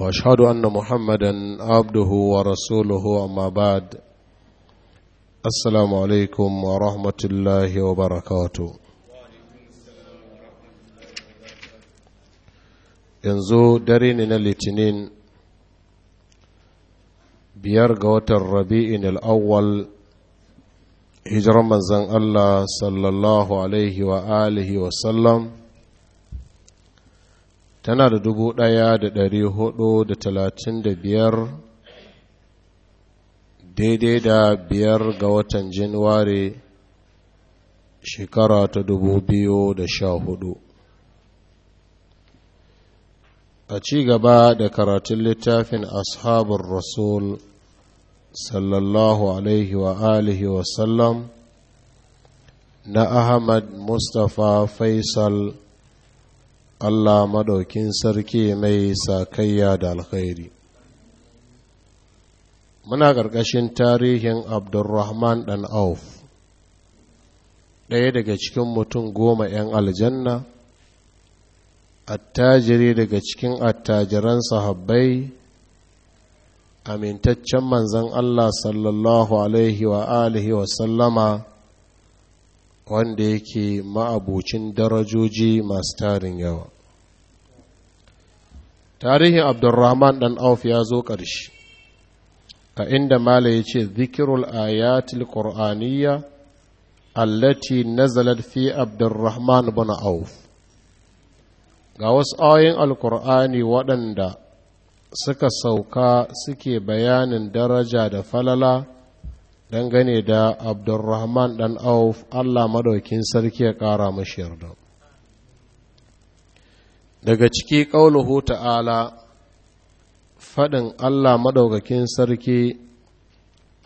واشهد ان محمدا عبده ورسوله اما بعد السلام عليكم ورحمه الله وبركاته yanzu dare ne na litinin biyar ga watan rabi'in al'awwal hijirar manzan allah sallallahu alaihi wa alihi wasallam tana da dubu ɗaya da ɗari hudu da talatin da biyar daidai da biyar ga watan januwari shekara ta dubu biyu da sha hudu a ci gaba da karatun littafin ashabin rasul sallallahu alaihi wa alihi wasallam na ahmad mustapha faisal Allah madaukin sarki mai sakayya da alkhairi muna ƙarƙashin tarihin abdurrahman ɗan auf ɗaya daga cikin mutum goma 'yan aljanna attajiri daga cikin attajiran sahabbai amintaccen manzon Allah sallallahu alaihi wa alihi wa sallama wanda yake ma'abocin darajoji masu tarin yawa tarihin abdurrahman dan auf ya zo ƙarshe a inda mala ya ce zikirul ayatul qur'aniyya allati nazalat fi abdurrahman bin auf ga wasu ayoyin alkur'ani waɗanda suka sauka suke bayanin daraja da falala dangane da abdurrahman dan auf allah madaukin sarki ya ƙara mashi yarda daga ciki ƙauluhu ta'ala faɗin allah madaukakin sarki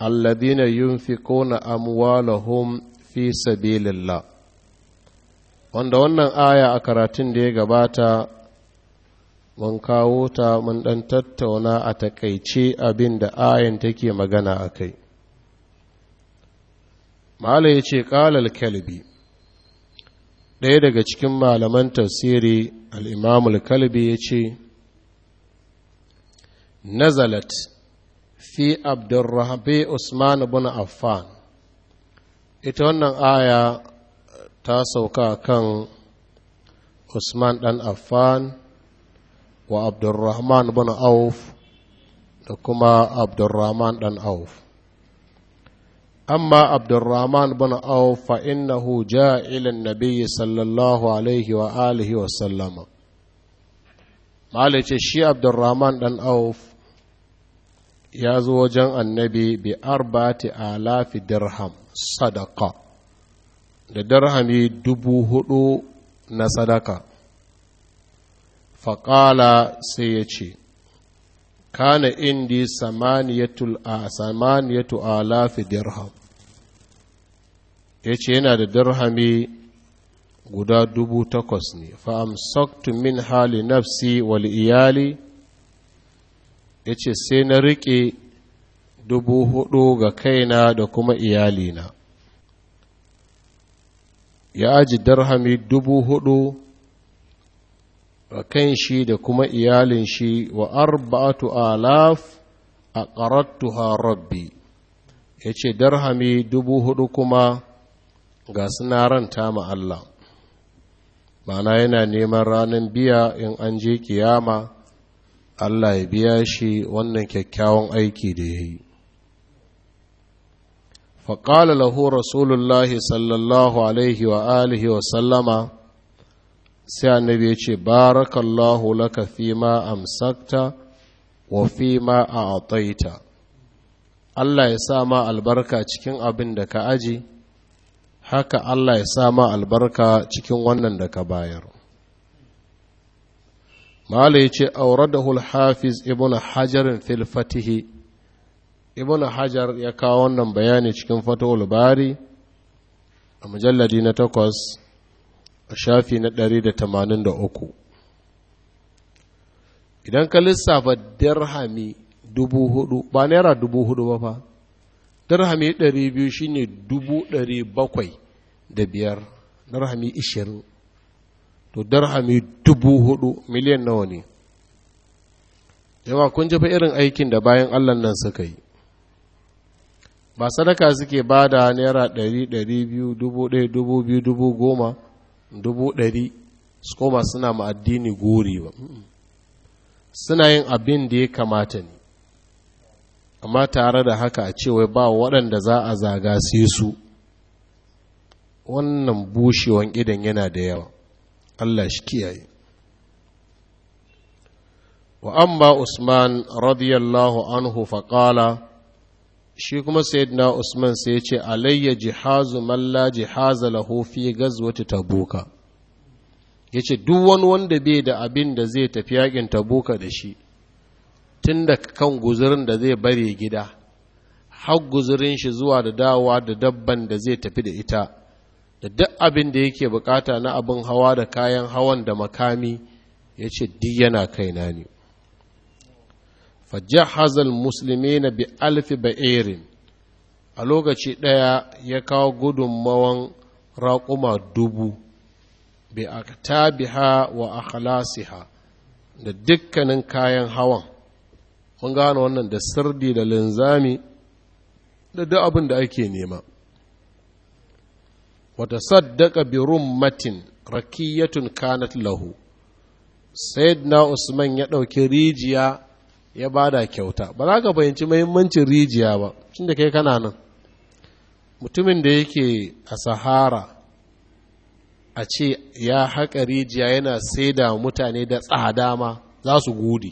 alladina yunfikuna amwalahum fi sabilillah wanda wannan aya a karatun da ya gabata mun kawo ta mun ɗan tattauna a takaice abinda ayan take magana a kai mala ya ce ƙalal kalbi ɗaya daga cikin malaman tafsiri al'imamul kalbi ya ce nazalat fi abdurrahabe usman bin affan ita wannan aya ta sauka kan usman ɗan affan wa abdurrahman bin auf da kuma abdurrahman ɗan auf أما عبد الرحمن بن عوف فإنه جاء إلى النبي صلى الله عليه وآله وسلم مالك شي عبد الرحمن بن عوف يازو وجن النبي بأربعة آلاف درهم صدقة da dirhami dubu hudu na sadaka faƙala sai ya ce kana indi samaniyatul a samaniyatu alafi dirham yace yana da dirhami guda dubu takwas ne fa amsaktu min hali nafsi wal iyali yace sai na riƙe dubu hudu ga kaina da kuma iyalina ya aji dirhami dubu hudu wa kan shi da kuma iyalin shi wa arba'atu alaf a ƙarattu harabbi ya ce darhami dubu hudu kuma ga suna ranta ma Allah mana yana neman ranar biya in an je kiyama Allah ya biya shi wannan kyakkyawan aiki da ya yi faƙala lahu rasulullahi sallallahu alaihi wa alihi wa sallama sai annabi ya ce barakallahu laka fi ma amsakta wa fi a a'taita Allah ya sa ma albarka cikin abin da ka aji haka Allah ya sa ma albarka cikin wannan da ka bayar mala ya ce auradahu hafiz ibn hajar fil fatih ibn hajar ya kawo wannan bayani cikin fatahul bari a mujalladi na takwas a shafi na 183 idan ka lissafa dirhami hudu ba naira hudu ba fa dirhami 200 shine 700 da biyar dirhami 20 to dirhami hudu miliyan nawa ne yawa kun jafa irin aikin da bayan allan nan suka yi ba sadaka suke ba da naira ɗari ɗari biyu dubu ɗaya dubu biyu dubu goma dubu ɗari su koma suna ma addini gori ba suna yin abin da ya kamata ne amma tare da haka a cewa ba waɗanda za a zaga sai su wannan bushewan idan yana da yawa Allah shi kiyaye wa amma usman radiyallahu anhu faƙala shi kuma sayyidina usman sai ya ce alayya jihazu malla jihaza lahu fi gazwati tabuka ya ce duk wani wanda bai da abin da zai tafi yakin tabuka da shi tunda kan guzurin da zai bare gida har guzurin shi zuwa da dawa da dabban da zai tafi da ita da duk abin da yake bukata na abin hawa da kayan hawan da makami yace ce duk yana kaina ne فجهز المسلمين بألف بئر a lokaci ɗaya ya kawo gudunmawan raƙuma dubu bi a wa akhlasiha da dukkanin kayan hawan mun gane wannan da sirdi da linzami da duk abin da ake nema wata saddaka bi rummatin rakiyatun kanat lahu sayyidna usman ya ɗauki rijiya ya bada kyauta ba za ka fahimci mahimmancin rijiya ba tun da kai kana nan mutumin da yake a sahara a ce ya haƙa rijiya yana sai da mutane da tsada ma za su gudi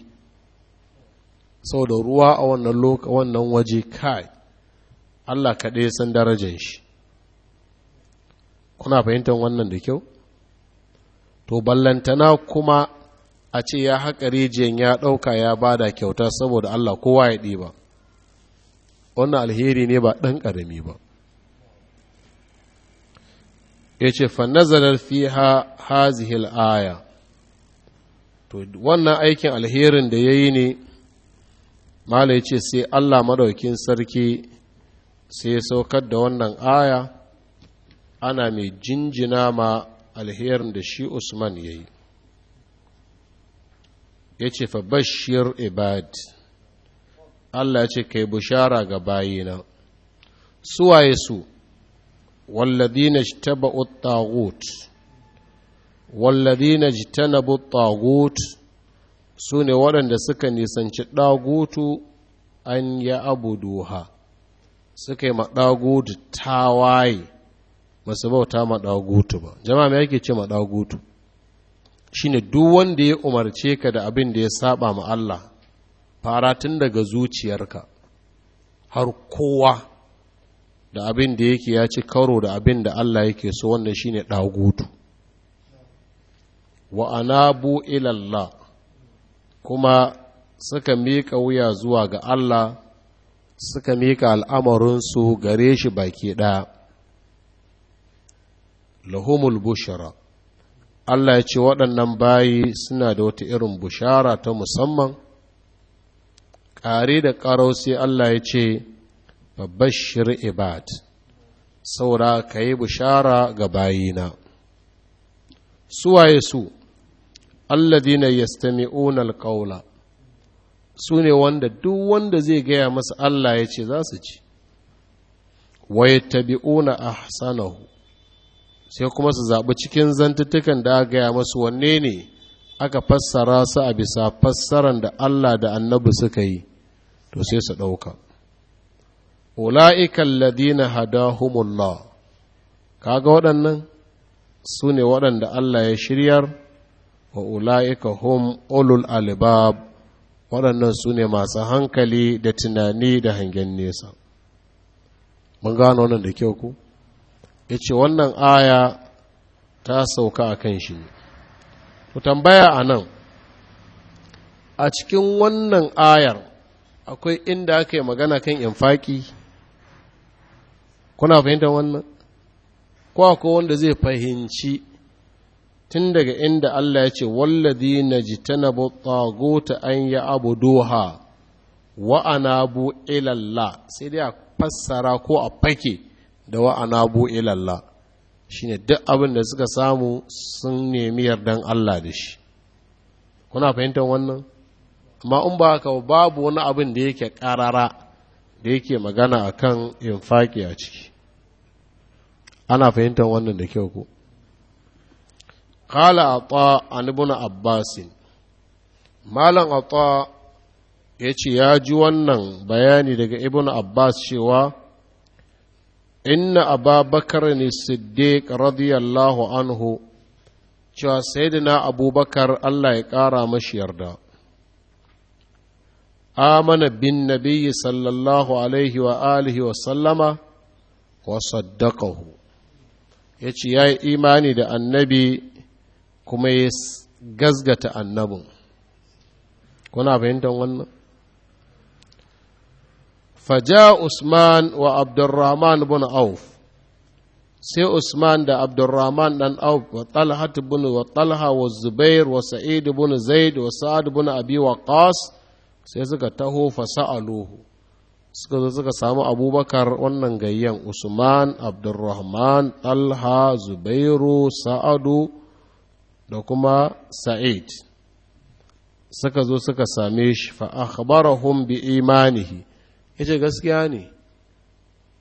da ruwa a wannan wannan waje kai Allah kaɗai san darajar shi kuna fahimtar wannan da kyau to ballantana kuma a ce ya haƙa rijiyan ya ɗauka ya bada kyauta saboda Allah kowa ya ɗiba wannan alheri ne ba ɗan ƙarami ba ya ce fannazarar fi hazihil aya to wannan aikin alherin da ya yi ne mala ya ce sai Allah maɗaukin sarki sai saukar da wannan aya ana mai jinjina ma alherin da shi usman ya yi ya ce fa bashir ibad Allah ya ce kai bushara ga bayina suwaye su walladina اجتبأوا walladina والذين اجتنبوا tagut su ne waɗanda suka nisanci ɗagutu an ya abuduha suka yi maɗagutu tawaye masu bauta maɗagutu ba jama'a me yake ce maɗagutu shine duk wanda ya umarce ka da abin da ya saba ma Allah fara tun daga zuciyarka har kowa da abin da yake ya ci karo da abin da Allah yake so wannan shine dagutu wa anabu ilalla kuma suka miƙa wuya zuwa ga Allah suka miƙa al'amarinsu gare shi baki ɗaya lahumul bushara Allah ya ce waɗannan bayi suna da wata irin bushara ta musamman ƙare da ƙarau sai Allah ya ce babbashir ibad saura ka yi bushara ga bayina suwaye su Allah alladina yastami'una alqawla su ne wanda duk wanda zai gaya masa Allah ya ce za su ci wa a ahsanahu sai kuma su zaɓi cikin zantuttukan da aka gaya masu wanne ne aka fassara su a bisa fassaran da Allah da annabi suka yi to sai su ɗauka ula'ikan ladina hadahumullah kaga waɗannan su ne waɗanda Allah ya shiryar wa ula'ika hum ulul alibab waɗannan su ne masu hankali da tunani da hangen nesa mun gano nan da kyau ku ya ce wannan aya ta sauka a kan shi ku tambaya a nan a cikin wannan ayar akwai inda aka yi magana kan infaki kuna fahimtar wannan ko akwai wanda zai fahimci tun daga inda Allah ya ce wallazi na taguta an ya abu wa wa'ana ila sai dai a fassara ko a fake da wa'ana bu ilalla shine duk abin da suka samu sun nemi yardan Allah da shi kuna fahimtar wannan amma in ba haka babu wani abin da yake karara da yake magana akan infaki a ciki ana fahimtar wannan da kyau ko qala ata a ibn abbas malam a yace ya ji wannan bayani daga ibn abbas cewa inna ababakar ne siddiq radiyallahu anhu cewa saidina abubakar allah ya ƙara mashi yarda amana bin nabiyyi sallallahu alaihi wa alihi wa sallama wa saddaqahu ya ce ya yi imani da annabi kuma ya gazgata annabin kuna fahimtar wannan faja usman wa abdurrahman bin auf sai usman da abdurrahman ɗan auf wa talha bin wa talha wa zubair wa sa'id bin zaid wa sa'ad bin abi waqas sai suka taho fasa'aluhu suka zo suka samu abubakar wannan gayyan usman abdurrahman talha zubairu sa'adu da kuma sa'id suka zo suka same shi fa akhbarahum bi imanihi ya ce gaskiya ne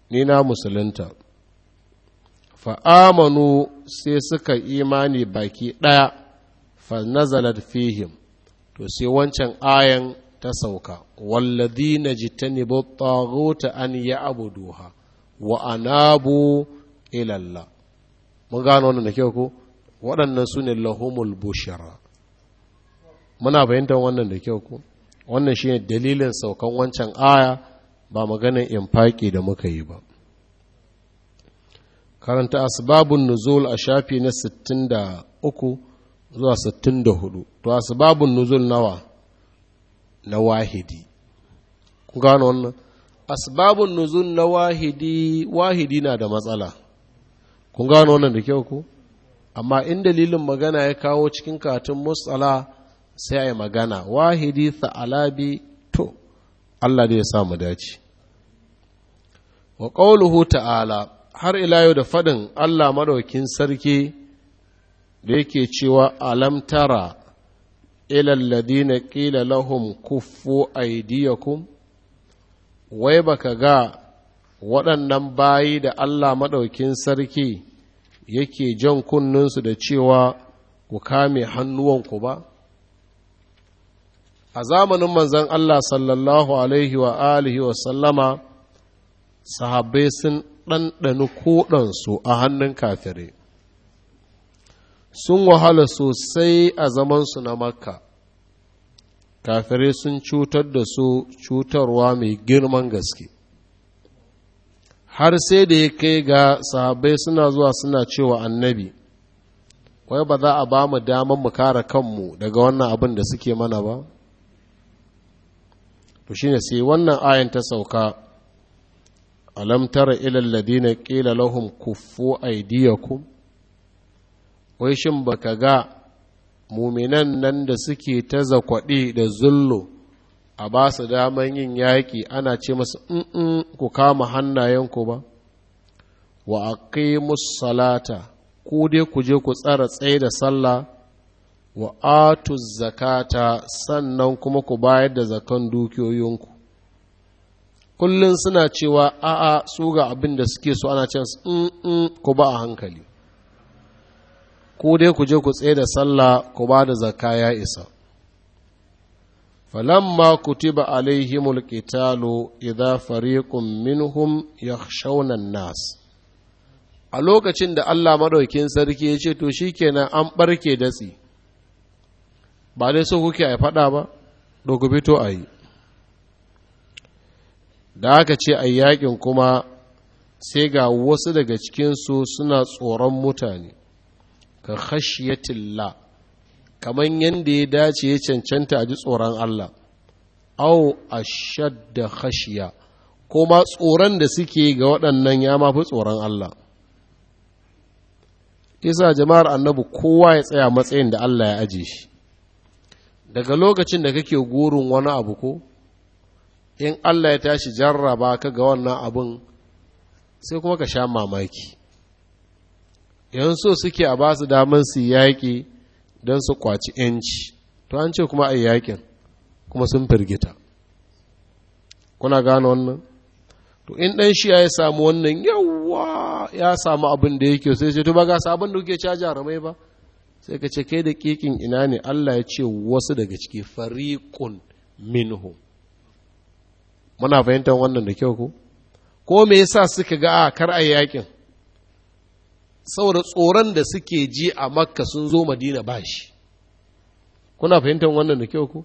ni na musulunta fa'amanu sai suka imani baki ɗaya fa nazalat fihim to sai wancan ayan ta sauka wallazi na jitani ta an ya abuduha wa anabu ilallah mun gano wannan da kyau ko waɗannan su ne lahumul bushara muna fahimtar wannan da kyau ko wannan shi ne dalilin saukan wancan aya ba maganin infaki da muka yi ba karanta asibabin nuzul a shafi na 63 zuwa 64 to asibabin nuzul nawa na wahidi gano wannan Asibabin nuzul na wahidi wahidi na da matsala kun gano wannan da kyau ku amma in dalilin magana ya kawo cikin katin musala sai a yi magana wahidi tha'alabi Allah da ya sa mu dace wa qawluhu ta'ala har ila yau da faɗin Allah madaukin sarki da yake cewa alam tara ila alladhina qila lahum kuffu aydiyakum wai baka ga waɗannan bayi da Allah madaukin sarki yake jan kunninsu da cewa ku kame hannuwanku ba a zamanin Manzon Allah sallallahu alaihi wa alihi wa sallama sahabbai sun ɗanɗani koɗansu a hannun kafirai sun wahala sosai a su na makka kafirai sun cutar da su cutarwa mai girman gaske har sai da ya kai ga sahabbai suna zuwa suna cewa annabi wai ba za a ba mu damar mu kare kanmu daga wannan abin da suke mana ba to shine sai wannan ayan ta sauka alam tara ila alladhina qila lahum kuffu aydiyakum wai shin baka ga muminan nan da suke ta zakwadi da zullu a ba su daman yin yaƙi ana ce masu in ku kama hannayenku ba wa aqimus salata ku dai ku je ku tsara tsaye da sallah wa atu zakata sannan kuma ku bayar da zakan dukiyoyinku kullum suna cewa a'a su ga abin da suke so ana cewa in ku ba a hankali ko dai ku je ku tsaye da sallah ku ba da zakka ya isa فلما kutiba alaihimul القتال إذا فريق منهم يخشون nas. a lokacin da Allah maɗaukin sarki ya ce to shi kenan an barke datsi ba dai so kuke a faɗa ba dogobe to a yi da aka ce a yakin kuma sai ga wasu daga cikinsu suna tsoron mutane ka khashiyatilla kamar yadda ya dace ya cancanta a ji tsoron Allah au a shadda khashiya ko ma tsoron da suke ga waɗannan ya mafi tsoron Allah isa jama'ar annabi kowa ya tsaya matsayin da Allah ya ajiye. shi daga lokacin da kake gurin wani abu ko in Allah ya tashi jarraba ka ga wannan abun sai kuma ka sha mamaki yan so suke a basu damar su yaƙi don su kwaci yanci to an ce kuma a yaƙin kuma sun firgita kuna gane wannan to in ɗan shi ya samu wannan yawa ya samu abin da yake sai ce to ba ga sabon da kuke a ramai ba sai ka ce kai da kikin ina ne Allah ya ce wasu daga ciki fariƙun minhu muna fahimtar wannan da kyau ko ko me yasa suka ga a ah, kar a yakin saboda tsoron da suke ji a makka sun zo madina ba shi kuna fahimtar wannan da kyau ko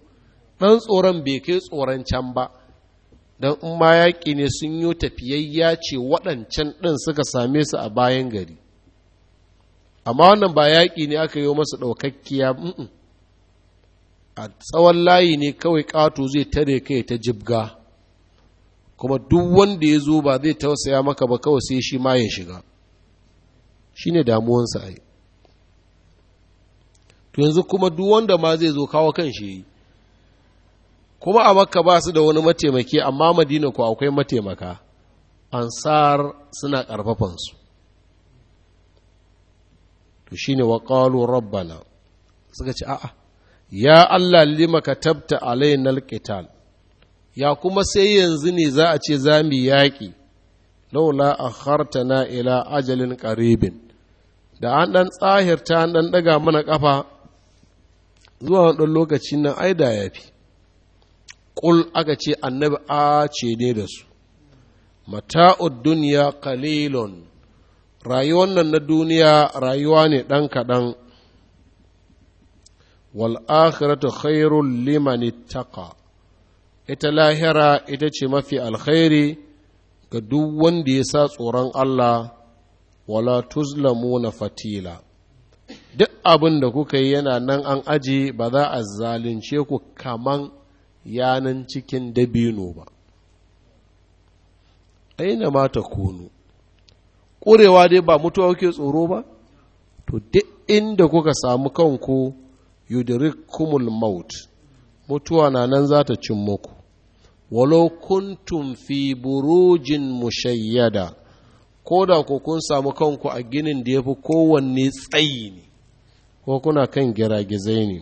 ɗan tsoron bai kai tsoron can ba don in ma yaƙi ne sun yi tafiyayya ce waɗancan ɗin suka same su a bayan gari amma wannan ba yaƙi ne aka yi masa ɗaukakkiya a tsawon layi ne kawai ƙato zai tare kai ta jibga kuma duk wanda ya zo ba zai tausaya maka ba kawai sai shi ma ya shiga shi ne damuwansa ai to yanzu kuma duk wanda ma zai zo kawo kan shi yi kuma a makka ba su da wani mataimaki amma madina ku akwai mataimaka ansar suna ƙarfafansu to shine wa qalu rabbana suka ce a'a ya Allah lima tabta alainar alqital ya kuma sai yanzu ne za a ce za mu yaƙi laula akhartana ila ajalin qaribin da an dan tsahirta an dan daga mana ƙafa. zuwa wannan lokaci nan ai da yafi ƙul aka ce annabi a ce ne da su mata'ud duniya qalilun rayuwan nan na duniya rayuwa ne ɗan kaɗan wal'akhiratu khairun limani taƙa ita lahira ita ce mafi alkhairi ga duk wanda ya sa tsoron Allah wala tuzlamu na fatila duk abin da kuka yi yana nan an aji ba za a zalunce ku kaman yanan cikin dabino ba aina mata kunu ƙurewa dai ba mutuwa kuke tsoro ba to duk inda kuka samu kanku kumul maut mutuwa na nan za ta cin muku walau kuntum fi burujin mushayyada ko da ku kun samu kanku a ginin da ya fi kowanne tsayi ne ko kuna kan giragizai ne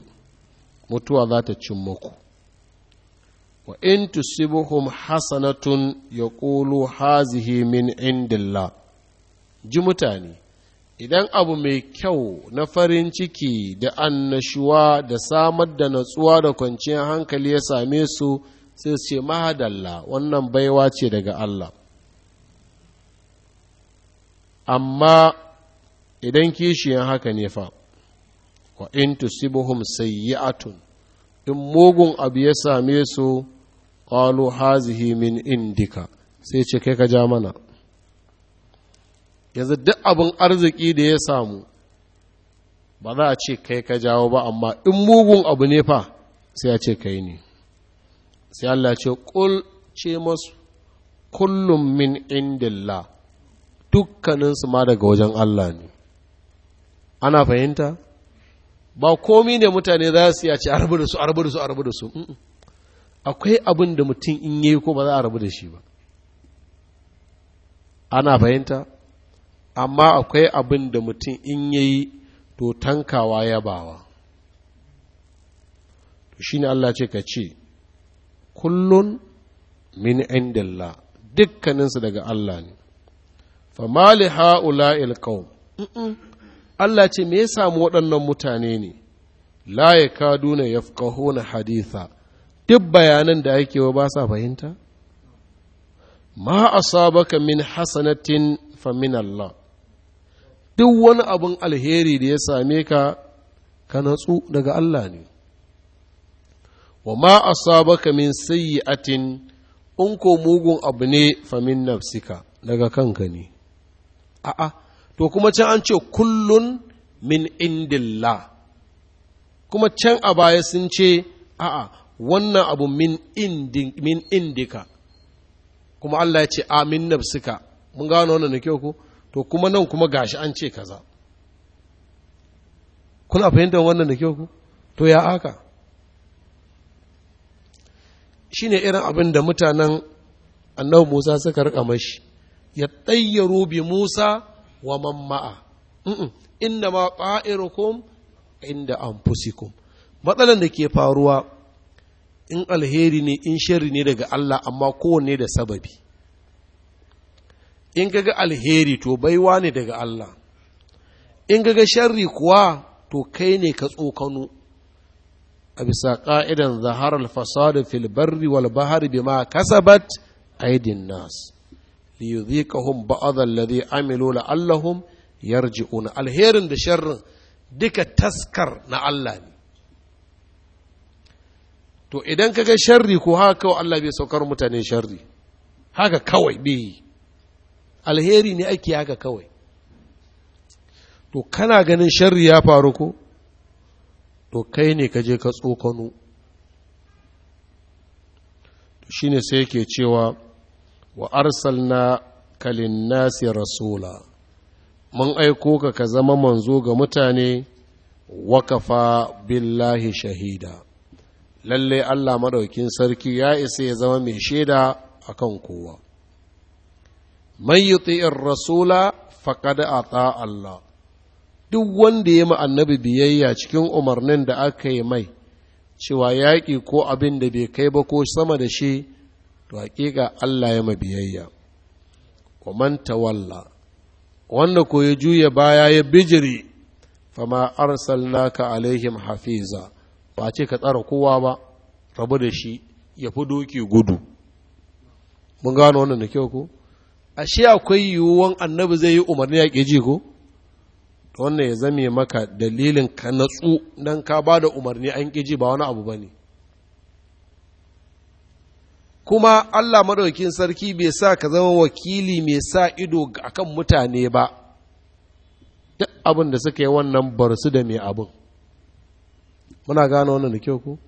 mutuwa za ta cin muku wa in tusibuhum hasanatun yaqulu hazihi min indillah ji mutane idan abu mai kyau na farin ciki da annashuwa da samar da natsuwa da kwanciyar hankali ya same su sai mahadala, ce mahadalla wannan baiwa ce daga Allah amma idan kishiyan haka ne fa wa in tusibuhum sayyi'atun in mugun abu ya same su qalu hazihi min indika sai ce kai ka ja mana yanzu duk abin arziki da ya samu ba za a ce kai ka jawo ba amma in mugun abu ne fa sai a ce kai ne sai Allah ce kul ce masu kullum min indilla dukkaninsu ma daga wajen Allah ne ana fahimta ba komi ne mutane za su yace a rabu da su a rabu da su a rabu da su akwai abin da mutum in yi ko ba za a rabu da shi ba ana fahimta amma akwai abin da mutum in yayi to tankawa ya bawa to shine Allah ce ka ce kullun min indillah dukkaninsu daga Allah ne fama li ha'ula'il qaum Allah ce me ya samu waɗannan mutane ne la na yafqahuna haditha duk bayanan da ake wa ba sa fahimta ma asabaka min hasanatin fa min Allah duk wani abin alheri da ya same ka ka natsu daga Allah ne wa ma asabaka min sayyi'atin in ko mugun abu ne famin nafsika daga kanka ne a'a to kuma can an ce kullun min indillah kuma can a baya sun ce a'a wannan abu min indika kuma Allah ya ce a min nafsika mun gano wannan da kyau ko to kuma nan kuma gashi an ce kaza kuna fahimtar wannan da kyau to ya aka. shi ne irin abin da mutanen annabi musa suka rika mashi ya ɗayyaro bi musa wa mamma'a inda ma ƙa'irukum inda an fusikum matsalan da ke faruwa in alheri ne in shari ne daga Allah amma kowanne da sababi in ga alheri to baiwa ne daga Allah in ga sharri kuwa to kai ne ka tsokano a bisa ƙa'idan zahar alfasadu fil barri wal bahari bima kasabat aidin nas li yudhiqahum ba'd alladhi amilu la'allahum yarji'un alherin da sharrin duka taskar na Allah ne to idan kaga sharri ko haka Allah bai saukar mutane sharri haka kawai bai alheri ne ake haka kawai to kana ganin sharri ya faru ko to kai ne ka je ka tsokano to shine sai yake cewa wa arsalna kalin nasi rasula mun aiko ka ka zama manzo ga mutane wakafa billahi shahida lallai Allah maɗaukin sarki ya isa ya zama mai shaida akan kowa man yuti'ir rasula faqad ata Allah duk wanda ya ma annabi biyayya cikin umarnin da aka yi mai cewa yaƙi ko abin da bai kai ba ko sama da shi to haƙiƙa Allah ya ma biyayya wa man tawalla wanda ko ya juya baya ya bijiri fama arsalnaka alaihim hafiza ba ce ka tsara kowa ba rabu da shi ya fi doki gudu mun gano wannan da kyau ko ashe akwai yiwuwan annabi zai yi umarni ya ji ko wannan ya zame maka dalilin ka natsu don ka ba da umarni an ji ba wani abu ba ne kuma allah madaukin sarki bai sa ka zama wakili mai sa ido kan mutane ba duk abin da suka yi wannan su da mai abin muna gane wannan da kyau ko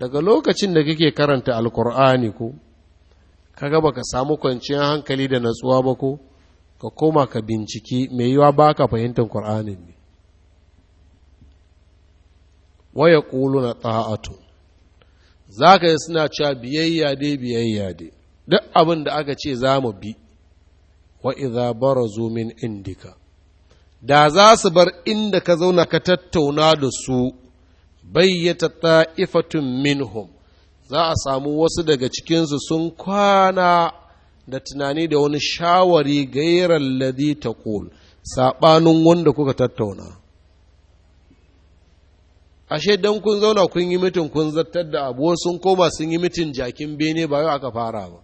daga lokacin da kake karanta alkur'ani ko kaga ka samu kwanciyar hankali da natsuwa ba ko ka koma ka binciki mai yiwa ba ka fahimtar kur'anin ne waya ƙulu na ta'atu zaka yi suna cewa biyayya dai biyayya dai duk abin da aka ce za mu bi wa bara zo min indika da za su bar inda ka zauna ka tattauna da su bayyata ta'ifatun minhum za a samu wasu daga cikinsu sun kwana da tunani da wani shawari gairar ladi ta kul saɓanin wanda kuka tattauna ashe don kun zauna kun yi mitin kun zartar da abu sun koma sun yi mitin jakin bene ba yau aka fara ba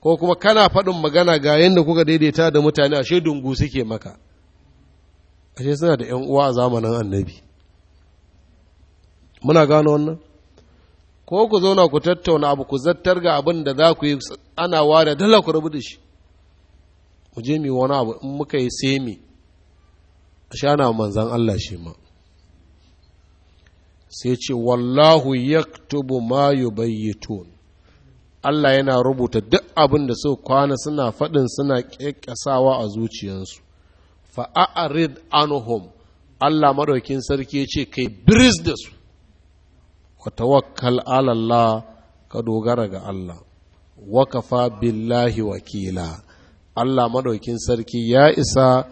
ko kuma kana faɗin magana ga yadda kuka daidaita da mutane ashe dungu suke maka ashe suna da ‘yan uwa a zamanin annabi muna gano wannan ko ku zauna ku tattauna abu ku zattar ga abin da za ku yi ana ware dala ku rubuta da shi mu je mi wani abu in muka yi sai mi a shana manzan Allah shi ma sai ce wallahu yaktubu ma yubayyitun Allah yana rubuta duk abin da su kwana suna faɗin suna ƙyaƙƙasawa a zuciyarsu a'rid anhum Allah madaukin sarki ce kai biris da su wa tawakkal Allah ka dogara ga Allah wa kafa billahi wakila Allah madaukin sarki ya isa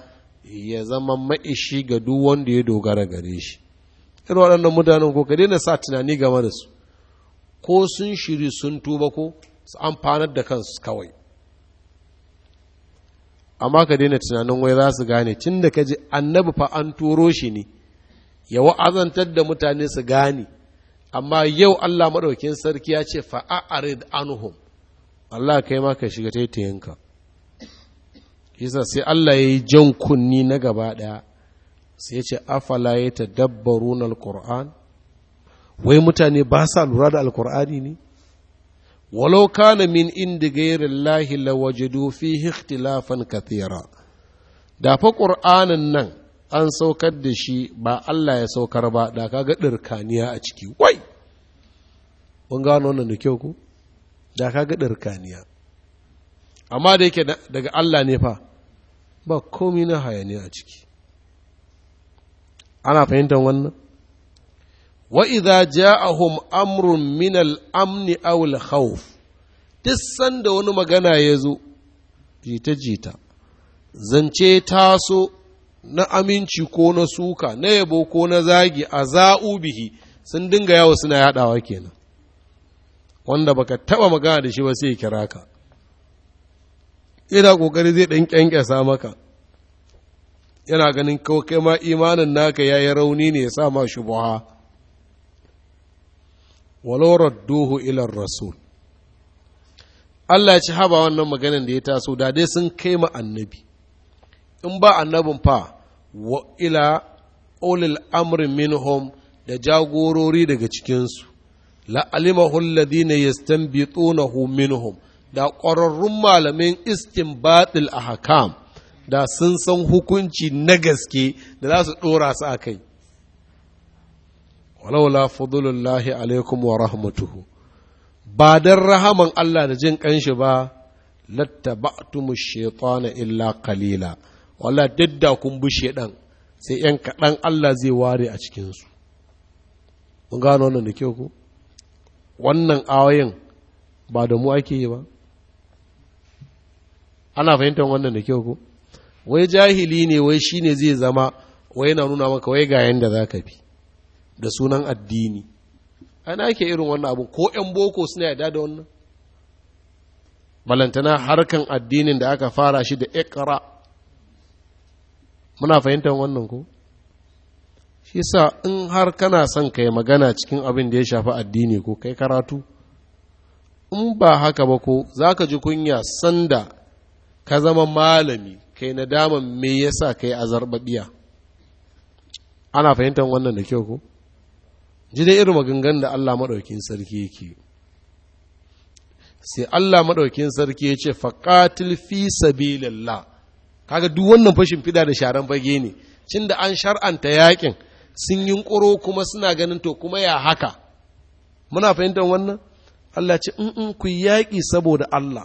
ya zama maishi ga duk wanda ya dogara gare shi irin waɗannan mutanen ko ka daina sa tunani game da su ko sun shiri sun tuba ko su amfanar da kansu kawai amma ka daina tunanin wai za su gane tun da ka ji annabi fa an turo shi ne ya wa'azantar da mutane su gane amma yau Allah maɗaukin sarki ya ce fa'a'arid anhum Allah kai ma ka shiga taitayinka yasa sai Allah ya yi jan kunni na gaba ɗaya sai ya ce afala ya tadabbaru na alƙur'an wai mutane ba sa lura da alƙur'ani ne walau kana min inda gairin lahi lawajadu fi ikhtilafan kathira da fa ƙur'anin nan an saukar da shi ba Allah ya saukar ba da kaga ɗirkaniya a ciki wai kun gano wannan da kyau ku da kaga ɗirkaniya amma da yake daga Allah ne fa ba komi na hayaniya a ciki ana fahimtar wannan wa idza ja'ahum amrun min al-amn aw al-khawf duk sanda wani magana ya zo jita-jita zance taso na aminci ko na suka na yabo ko na zagi a zaubihi sun dinga yawo suna yadawa kenan wanda baka taba magana da shi ba sai kira ka ina kokari zai dan kyankyasa maka yana ganin kawai kai ma imanin naka yayi rauni ne ya sa ma shubha walau radduhu ila rasul Allah ya ci haba wannan maganin da ya taso da dai sun kai ma annabi in ba annabin fa wa ila ulil amri minhum da jagorori daga cikinsu alimahu alladhina yastanbitunahu minhum da ƙwararrun malamin istinbatil ahkam da sun san hukunci na gaske da za su ɗora su a kai walaula fadlullahi alaikum wa rahmatuhu ba don rahaman Allah da jin ƙanshi ba lattaba'tumu shaitana illa qalila wala dadda kun bushe ɗan sai ‘yan kaɗan Allah zai ware a cikinsu mun gano wannan da kyau ku wannan ayoyin ba da mu ake yi ba ana fahimtar wannan da kyau ku wai jahili ne wai shi ne zai zama wai yana nuna maka wai ga yanda za ka bi da sunan addini ana ake irin wannan abu ko 'yan boko suna yada da wannan balantana harkan addinin da aka fara shi da ikra muna fahimtar wannan ko shi sa in har kana son ka yi magana cikin abin da ya shafi addini ko kai karatu in ba haka ba ko za ka ji kunya sanda ka zama malami kai nadama me yasa kai azarbabiya ana fahimtar wannan da kyau ko ji dai irin maganganun da Allah maɗaukin sarki yake sai Allah maɗaukin sarki ya ce faƙatil fi sabilillah kaga duk wannan fashin fida da sharan fage ne cin da an shar'anta yakin sun yi ƙoro kuma suna ganin to kuma ya haka muna fahimtar wannan Allah ce in in ku yaƙi saboda Allah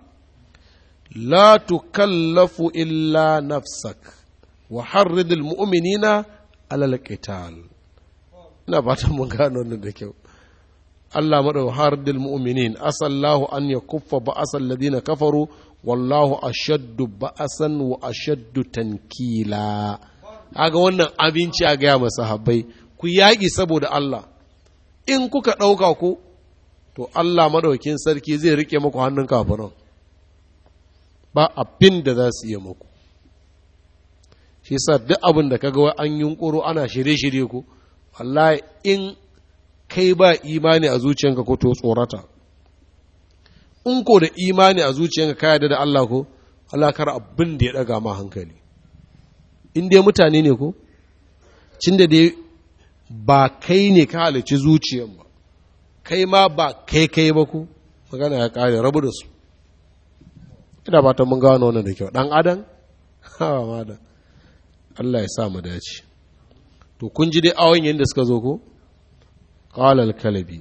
la tukallafu illa nafsak wa harridul mu'minina alal qital ina fatan mun gano ne da kyau Allah madau harridul mu'minin asallahu an yakuffa asal ladina kafaru wallahu ashaddu ba'asan wa ashaddu tankila kaga wannan abinci a gaya masa habai ku yaƙi saboda Allah in kuka ɗauka ku to Allah madaukin sarki zai rike muku hannun kafiran ba abin da za su yi muku shi sa duk abin da kaga wai an yunƙuro ana shirye-shirye ku wallahi in kai ba imani a zuciyanka ko to tsorata in ko da imani a zuciyarka ka yarda da Allah ko Allah kar abin da ya daga ma hankali in dai mutane ne ko cin da dai ba kai ne ka halici zuciyan ba kai ma ba kai kai ba ko magana ya kare rabu da su ina ba ta mun gano wannan da kyau dan adam ha ma da Allah ya sa mu dace to kun ji dai awon yanda suka zo ko qala al-kalabi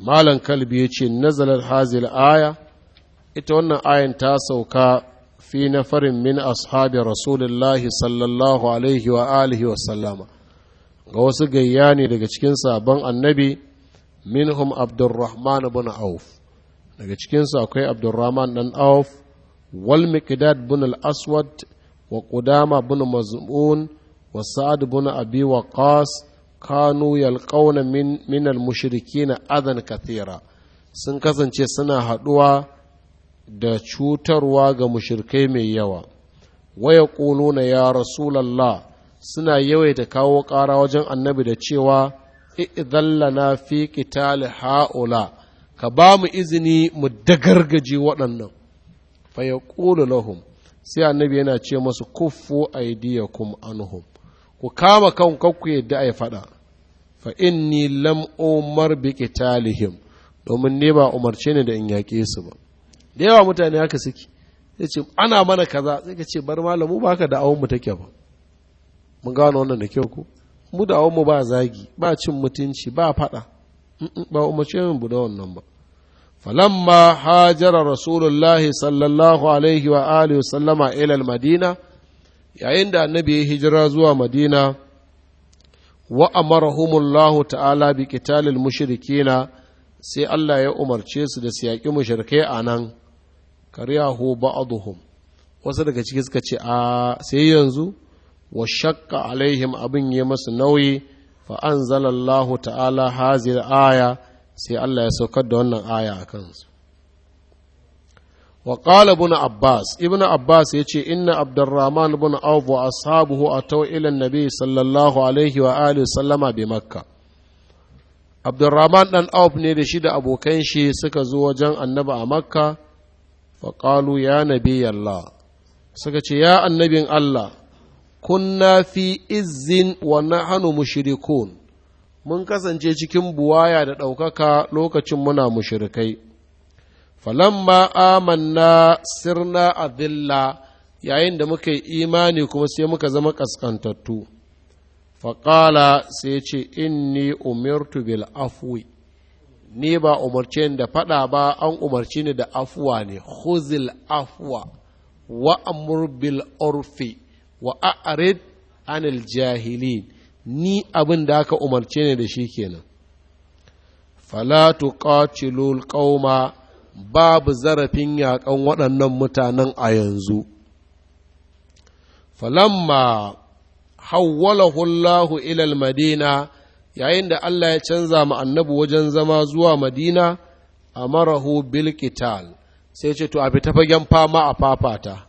Malam kalbi ya ce nazalar hazil aya ita wannan ayan ta sauka fi na farin min ashabi rasulullahi sallallahu alaihi wa alihi wa sallama ga wasu gayya ne daga cikin sabon annabi minhum abdurrahman bin auf daga cikinsu akwai abdurrahman dan auf wal miqdad bin al-aswad wa qudama bin maz'un wa sa'ad bin abi waqas kanu yalqauna min minal na adan kathira sun kasance suna haɗuwa da cutarwa ga mushrikai mai yawa waya ƙuluna ya rasulallah suna yawaita kawo ƙara wajen annabi da cewa na fi qitali ha'ula ka ba mu izini mu dagargaje waɗannan fa yaqulu lahum sai annabi yana ce masu kuffu aydiyakum anhum ku kama kan ku yadda yi faɗa fa inni lam umar bi qitalihim domin ne ba umarce ne da in yaƙe su ba da yawa mutane haka suke sai ce ana mana kaza sai ka ce bar malamu ba ka da'awun awon mu take ba mun gano wannan da kyau ko mu da'awun mu ba zagi ba cin mutunci ba faɗa ba umarce mu da wannan ba falamma hajara rasulullahi sallallahu alaihi wa alihi sallama ila madina yayin da annabi ya hijira zuwa madina wa amarahumullahu ta'ala bi qitalil mushrikina sai Allah ya umarce su da su mushrikai a nan kariyahu ba'dhum wasu daga ciki suka ce a sai yanzu wa shakka alaihim abin ya masu nauyi fa anzalallahu ta'ala hazir aya sai Allah ya saukar da wannan aya a kansu wa qala ibn abbas ibn abbas yace inna abdurrahman ibn auf wa ashabuhu ataw ila nabi sallallahu alaihi wa alihi sallama bi makka abdurrahman dan auf ne da shi da abokan shi suka zo wajen annabi a makka fa ya nabi allah suka ce ya annabin allah kunna fi izzin wa nahnu mushrikun mun kasance cikin buwaya da ɗaukaka lokacin muna mushrikai falamma amanna sirna adilla yayin da muka yi imani kuma sai muka zama kaskantattu faƙala sai ce inni umirtu bil afwi ni ba umarce da faɗa ba an umarci ni da afuwa ne huzil afwa wa amur bil urfi wa a'rid anil jahilin ni abin da aka umarce ni da shi kenan Falatu tuqatilul ƙauma. babu zarafin yaƙan waɗannan mutanen a yanzu falamma hawwalahu ilal madina yayin da Allah ya canza ma annabi wajen zama zuwa madina a marahu Bilkital, sai ce to a fita fagen fama a fafata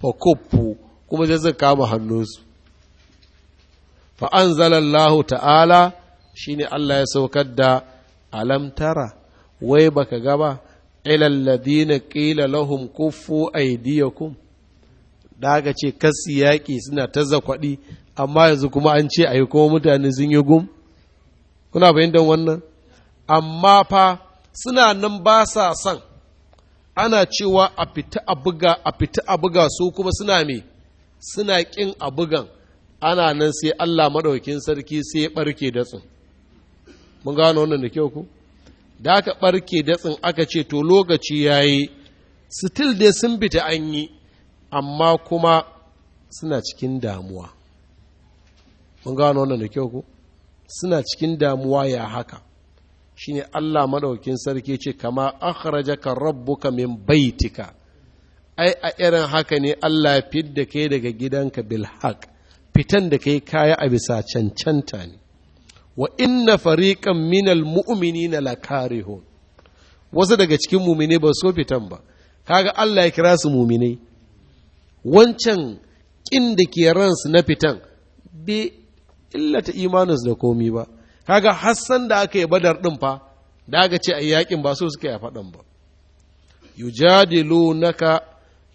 fa kuffu kuma sai zai kama hannunsu fa an zalallahu ta'ala ne Allah ya saukar da alamtara, wai baka gaba ilalladina ƙila lahum kuffu aidiyakum da aka ce kasi yaƙi suna ta zakwadi amma yanzu kuma an ce a yi kuma mutane sun yi gum kuna fahimtar wannan amma fa suna nan ba sa son ana cewa a fita a buga a fita a buga su kuma suna me suna ƙin a bugan ana nan sai Allah maɗaukin sarki sai ya ɓarke da tsin mun gano wannan da kyau ku da aka ɓarke datsin aka ce to lokaci ya yi still dai sun bita an yi amma kuma suna cikin damuwa mun gano wannan da kyau ko suna cikin damuwa ya haka shine Allah maɗaukin sarki ce kama akhrajaka rabbuka min baitika ai a irin haka ne Allah fidda kai daga gidanka bil fitan da kai kaya a bisa cancanta ne wa inna fariqan minal na lakarihun wasu daga cikin mumine ba so fitan ba kaga Allah ya kira su muminai wancan kin da ke ransu na fitan Bi illata imaninsu da komi ba kaga hassan da aka yi badar ɗin fa da aka ce a yakin ba so suke a faɗan ba yujadilunaka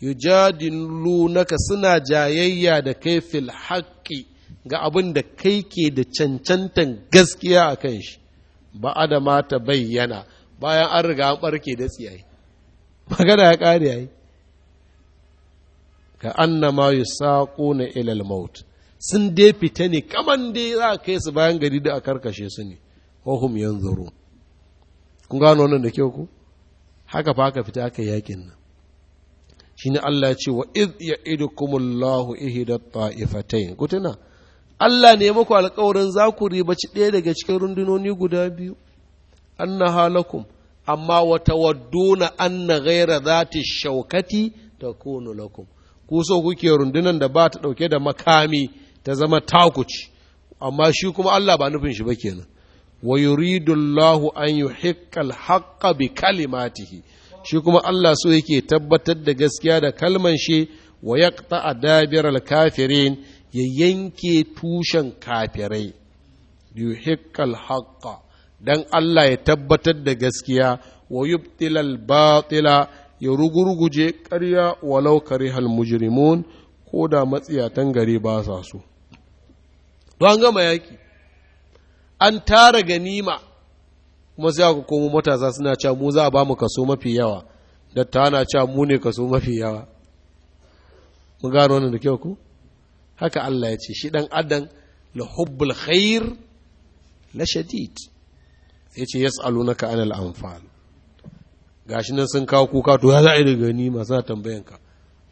yujadilunaka suna jayayya da kai fil haqqi ga abin da kai ke da cancantan gaskiya a kan shi ba adama ta bayyana bayan an riga an barke da tsiyayi magana ya ƙare yayi ka annama saƙo na ilal maut sun dai fita ne kaman dai za a kai su bayan gari da a karkashe su ne wahum yanzuru kun gano wannan da kyau ku haka fa ka fita aka yakin nan shine Allah ya ce wa id ya'idukumullahu ihda ta'ifatain ku kutuna. Allah ne maku alkawarin za ku ribaci ɗaya daga cikin rundunoni guda biyu, anna halakum, amma wata wadduna na gaira za ta shaukati ta kunu lakum. Ku so kuke rundunan da ba ta ɗauke da makami ta zama takuci, amma shi kuma Allah ba nufin shi ba kenan. Wa yuridullahu an hikkal haƙƙa bi kalimatihi. Shi kuma Allah so yake tabbatar da gaskiya da kalman shi wa a dabiyar kafirin ya yanke tushen kafirai yuhiqqal haqqa dan Allah ya tabbatar da gaskiya wa yubtilal batila ya rugurguje ƙarya walau karihal mujrimun ko da matsiyatan gari ba sa so an gama yaki an tara ganima kuma sai aka komo matasa suna cewa mu za a ba mu kaso mafi yawa da ta ana cewa mu ne kaso mafi yawa mu gano wannan da kyau ku haka Allah ya ce shi ɗan adam la hubbul khair la shadid ya ce yas'alunaka anil anfal gashi nan sun kawo kuka to ya za a yi gani masu tambayanka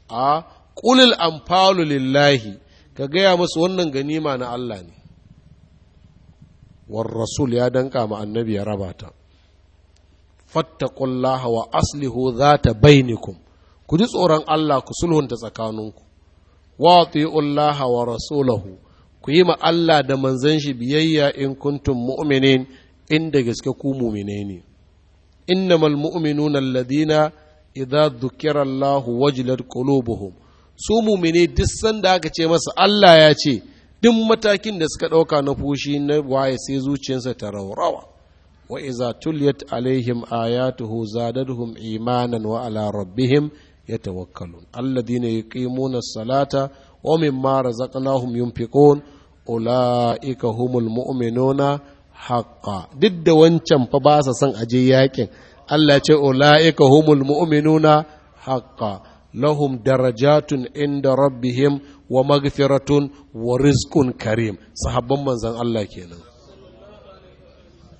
a kulil anfalu lillahi ka gaya masu wannan ganima na Allah ne war rasul ya danka ma annabi ya raba ta fattaqullaha wa aslihu zata bainakum ku ji tsoron Allah ku sulhunta tsakaninku wa Allah wa rasulahu ku yi ma Allah da manzon shi biyayya in kuntum mu'minin inda gaske ku mu'mine ne innamal mu'minuna alladhina idza dhukira Allah wajilat qulubuhum su mu'mine duk sanda aka ce masa Allah ya ce duk matakin da suka dauka na fushi na waye sai zuciyarsa ta raurawa wa iza tuliyat alaihim ayatuhu zadadhum imanan wa ala rabbihim yatawakkalun alladhina yuqimuna as-salata wa mimma razaqnahum yunfiqun ulaika humul mu'minuna haqqan duk da wancan fa ba sa son aje yakin Allah ce ulaika humul mu'minuna haqqan lahum darajatun inda rabbihim wa magfiratun wa rizqun karim sahabban manzon Allah kenan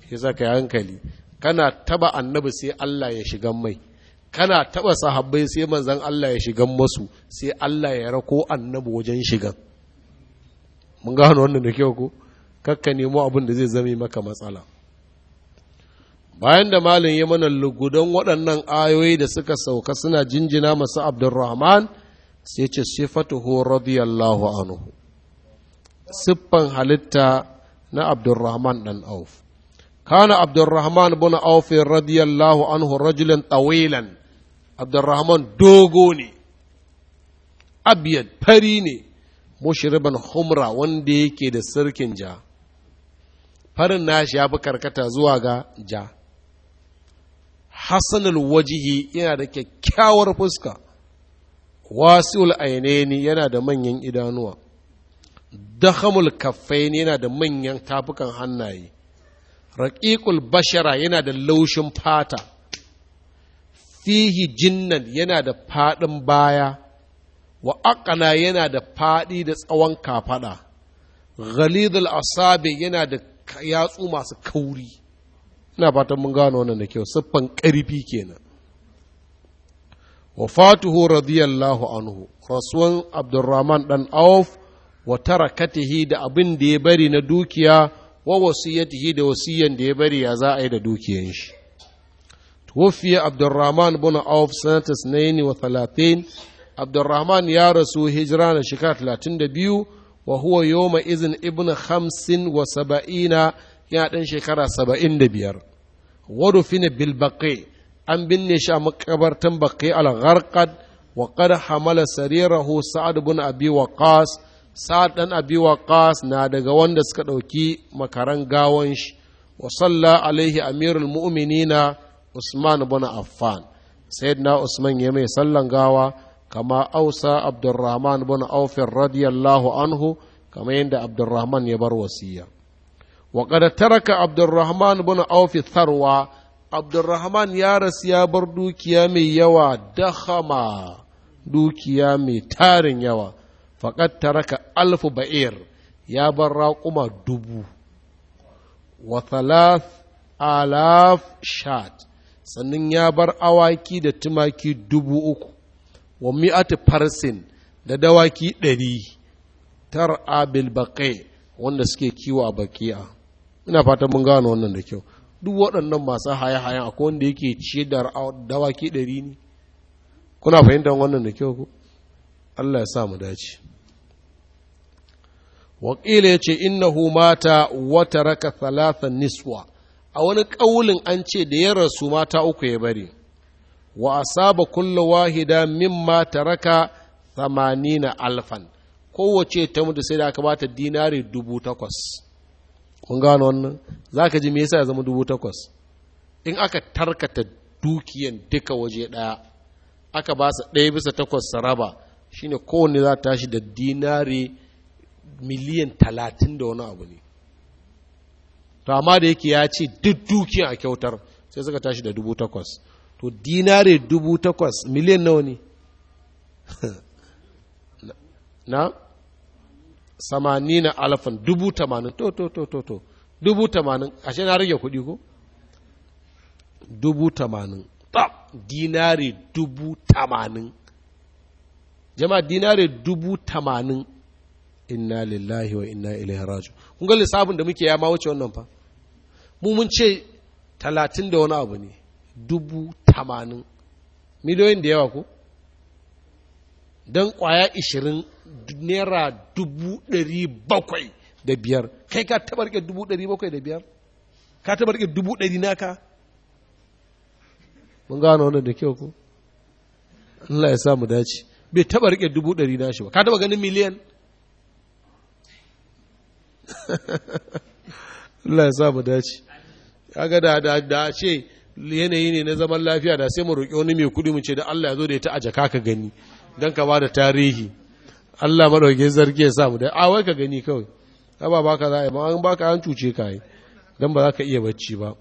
yasa kai hankali kana taba annabi sai Allah ya shiga mai kana taba sahabbai sai manzan Allah ya shigan masu sai Allah ya rako annabi wajen shigan mun gano wannan da kyau ko kakka nemo abin da zai zame maka matsala bayan da malin ya mana lugudan waɗannan ayoyi da suka sauka suna jinjina masu abdurrahman sai ce sifatuhu radiyallahu anhu siffan halitta na abdurrahman dan auf kana abdurrahman bin auf radiyallahu anhu rajulan tawilan abdurrahman dogo ne abiyad fari ne mushriban humra wanda yake da sirkin ja farin nashi ya fi karkata zuwa ga ja hassanul wajihi yana da kyakkyawar fuska wasiul ainaini yana da manyan idanuwa dakhamul kafain yana da manyan tafukan hannaye raƙiƙul bashara yana da laushin fata fihi jinnan yana da faɗin baya wa aƙana yana da faɗi da tsawon kafaɗa ghalidul asabe yana da yatsu masu kauri ina fatan mun gano wannan da kyau siffan ƙarfi kenan wafatuhu radiyallahu anhu rasuwan abdurrahman dan auf wa tarakatihi da abin da ya bari na dukiya wa wasiyatihi da wasiyan da ya bari ya za a yi da dukiyan shi توفي عبد الرحمن بن عوف سنة 32 عبد الرحمن يا رسول هجران شكرة 32 وهو يوم إذن ابن 75 يا دن شكرة 75 ودفن بالبقيع أن بن شا مقبرة بقيع الغرقد وقد حمل سريره سعد بن أبي وقاص sa'ad ɗan abi waqas na daga wanda suka ɗauki makaran gawan shi wa salla alaihi amirul mu'minina usman bin affan sayyidina usman ya mai sallan gawa kama ausa abdurrahman bin aufin radiyallahu anhu kama yadda abdurrahman ya bar wasiya wa qad taraka abdurrahman bin auf tharwa abdurrahman ya rasu ya bar dukiya mai yawa dahama dukiya mai tarin yawa faqad taraka alfu ba'ir ya bar raƙuma dubu wa thalath alaf shat sannan ya bar awaki da tumaki dubu uku wa mi'atu farsin da dawaki ɗari tar abil bakai wanda suke kiwo a baki'a ina fatan mun gano wannan da kyau duk waɗannan masu haya haya akwai wanda yake ci da dawaki ɗari ne kuna fahimtar wannan da kyau ku Allah ya sa mu dace wakila ya ce innahu mata wata raka thalatha niswa a wani ƙaulin an ce da ya rasu mata uku ya bari wa asaba kullu wahida min mimma taraka na alfan kowace ta mutu sai da aka bata dinari dubu takwas kun gano wannan za ka ji me yasa ya zama dubu takwas in aka tarkata dukiyan duka waje ɗaya aka ba su ɗaya bisa takwas raba, shine kowanne za ta tashi da dinari miliyan talatin da wani abu ne to amma da yake ya ce duk dukiya a kyautar sai suka tashi da dubu takwas to dinare dubu takwas miliyan nawa ne na samani na alfan dubu tamanin to to to to to dubu tamanin ashe na rage kuɗi ko dubu tamanin dinare dubu tamanin jama'a dinare dubu tamanin inna lillahi wa inna ilaihi raji'un kun ga lissafin da muke ya ma wuce wannan fa mu mun ce talatin da wani abu ne dubu tamanin miliyoyin da yawa ko don kwaya ishirin naira dubu ɗari bakwai da biyar kai ka taɓa rike dubu ɗari bakwai da biyar ka taɓa rike dubu ɗari naka mun gano wannan da kyau ko Allah ya samu dace bai taɓa rike dubu ɗari shi ba ka taɓa ganin miliyan Allah ya sa mu dace kaga da da da ce yanayi ne na zaman lafiya da sai mu roƙi wani mai kuɗi mu ce da Allah ya zo da ita a jaka ka gani dan ka ba da tarihi Allah madaukakin zargi ya sa mu da a wai ka gani kawai ba baka za a ba an baka an cuce ka yi dan ba za ka iya bacci ba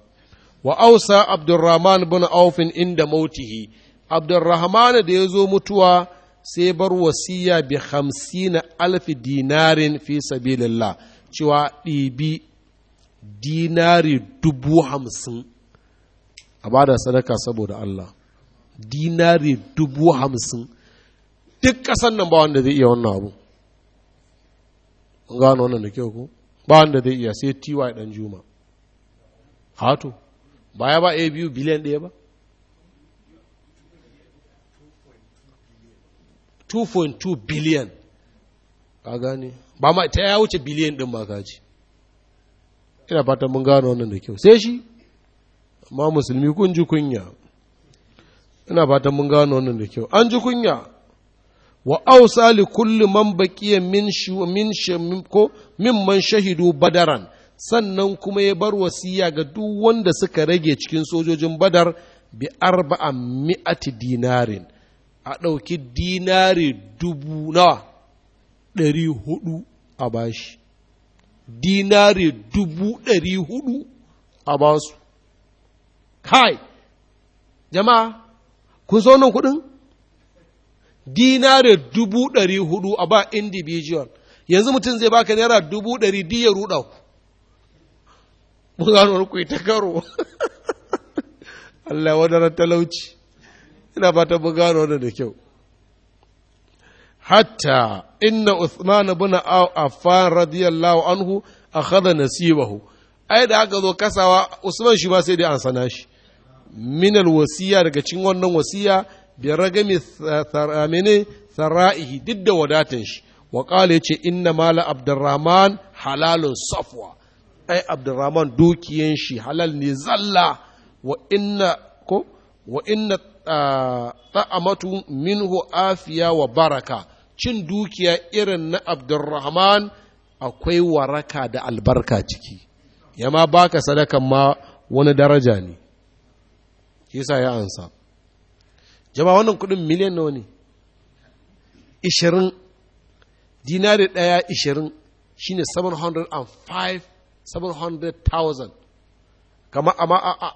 wa ausa abdurrahman bin Auf inda mautihi abdurrahman da ya zo mutuwa sai bar wasiya bi hamsina alfi dinarin fi sabilillah cewa ɗibi dinari dubu hamsin a bada sadaka saboda Allah dinari dubu hamsin duk ƙasan nan ba wanda zai iya wannan abu gano wannan da kyau ko ba wanda zai iya sai ty dan juma hato ba ya ba a biyu biliyan ɗaya ba 2.2 biliyan ka gane ba ma ta ya wuce biliyan ɗin ba kaji ina fatan mun gano wannan da kyau sai shi amma musulmi kun ji kunya ina fatan mun gano wannan da kyau an ji kunya wa ausa li kulli man baqiya min min ko min man shahidu badaran sannan kuma ya bar wasiya ga duk wanda suka rage cikin sojojin badar bi arba'a mi'ati dinarin a ɗauki dinari dubu nawa ɗari hudu a bashi dinare dubu ɗari hudu a ba su kai jama'a kun so nan kuɗin dinare dubu ɗari hudu a ba individual yanzu mutum zai baka naira dubu ɗari diya ruɗa ku mun gano ku ta karo Allah wadaran talauci ina fatan mun gano wannan da kyau hatta inna Uthman ibn Affan radiyallahu anhu akhadha nasibahu ai da aka zo kasawa Usman shi ma sai dai an sana shi min alwasiya daga cikin wannan wasiya bi ragami tharamine ah, thara'ihi duk da wadatan shi wa qala yace inna mala abdurrahman halalun safwa ai abdurrahman dukiyan shi halal ne zalla wa inna ko wa inna ah, ta'amatu minhu afiya wa baraka cin dukiya irin na abdurrahman akwai waraka da albarka ciki ba baka sadakan ma wani daraja ne Kisa ya ansa jama wannan kudin miliyan nawa ne ishirin dinari ɗaya ishirin shine 705 700,000 kama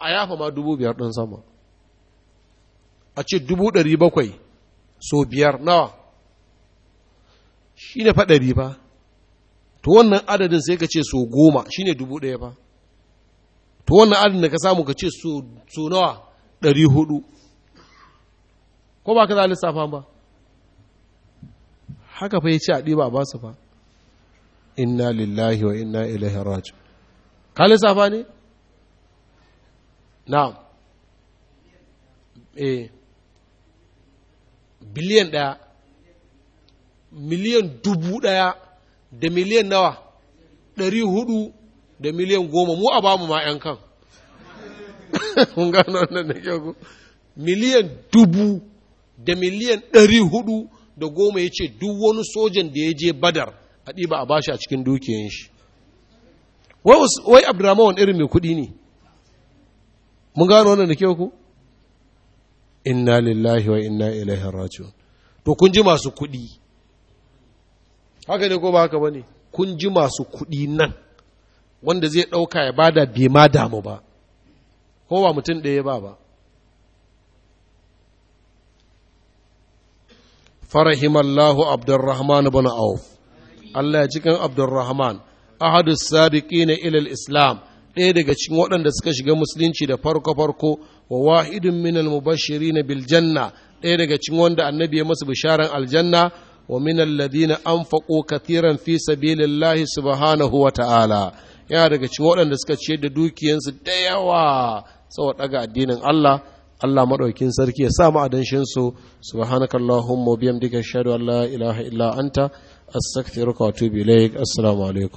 a yafa ma dubu biyar ɗin sama a ce dubu ɗari bakwai so biyar nawa shi ne faɗari ba to wannan adadin sai ka ce so goma shi ne dubu ɗaya ba to wannan adadin da ka samu ka ce so nawa ɗari hudu ko ba ka za a lissafa ba haka fa ya ce a ɗi ba basu fa inna lillahi wa inna ilahi raju. ka lissafa ne na eh biliyan ɗaya miliyan dubu ɗaya da miliyan nawa ɗari hudu da miliyan goma mu a bamu ma ‘yan kan mun gano wannan da kyau miliyan dubu da miliyan ɗari hudu da goma ya ce duk wani sojan da ya je badar a ɗiba a bashi a cikin dukiyan shi wai abdurrahman irin mai kuɗi ne mun gano wannan da kyau ku inna lillahi wa inna ilaihi raji'un to kun ji masu kuɗi haka ne ko ba haka ba ne kun ji masu kuɗi nan wanda zai ɗauka ya bada bai ma damu ba ko ba mutum ɗaya ba ba farahimallahu abdurrahman bin auf Allah ya cikin abdurrahman ahadu na ila islam ɗaya daga cikin waɗanda suka shiga musulunci da farko farko wa wahidun min al na bil ɗaya daga cikin wanda annabi ya masu bisharan aljanna wa min alladhina anfaqu kathiran fi sabilillahi subhanahu wa ta'ala yana daga cikin waɗanda suka ciyar da dukiyansu da yawa saboda daga addinin Allah Allah maɗaukin sarki ya sa mu adanshin su subhanakallahumma wa bihamdika ashhadu an la ilaha illa anta astaghfiruka wa atubu ilaik assalamu alaikum